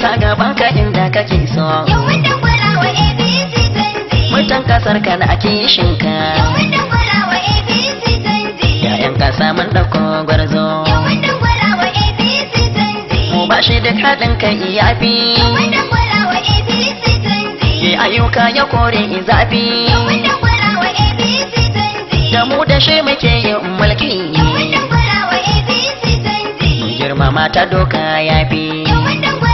sa gaban ka inda kake so wa abc 20 mutan kasar ka na ake shinka abc 20 yayan kasa mun dauko gwarzo abc 20 mu ba shi duk haɗin kai iyafi yawan abc 20 ayyuka ya kore izafi yawan da abc 20 da mu da shi muke yin mulki yawan da wa abc 20 girmama ta doka yafi yawan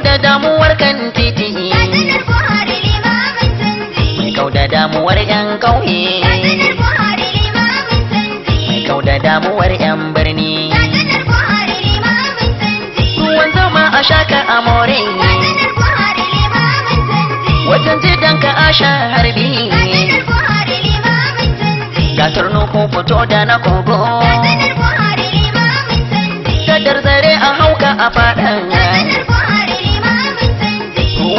kau da damuwar kan titi Tatinar Buhari limamin canji Mai kau da damuwar yan kauye Tatinar Buhari limamin canji Mai kau da damuwar yan birni Tatinar Buhari limamin canji Ruwan zama a shaka a more Tatinar Buhari limamin canji Wajen jidan ka a sha harbi Tatinar Buhari limamin Ka Gatar nuku fito da na kogo Tatinar Buhari limamin canji Tadar zare a hauka a faɗan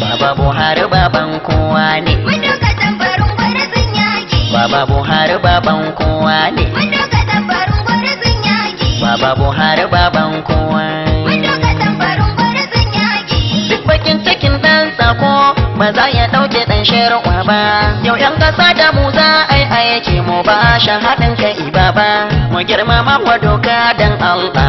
Baba Buhari baban kowa ne. Mun duka tambarin gwarzin yaƙi. Baba Buhari baban kowa ne. Mun duka tambarin gwarzin yaƙi. Baba Buhari baban kowa. Mun tambarin cikin ɗan sako ba za ya ɗauke ɗan sharuwa ba. Yau 'yan ƙasa da mu za a yi aiki mu ba shan haɗin kai ibaba. Mu girmama wa doka dan Allah.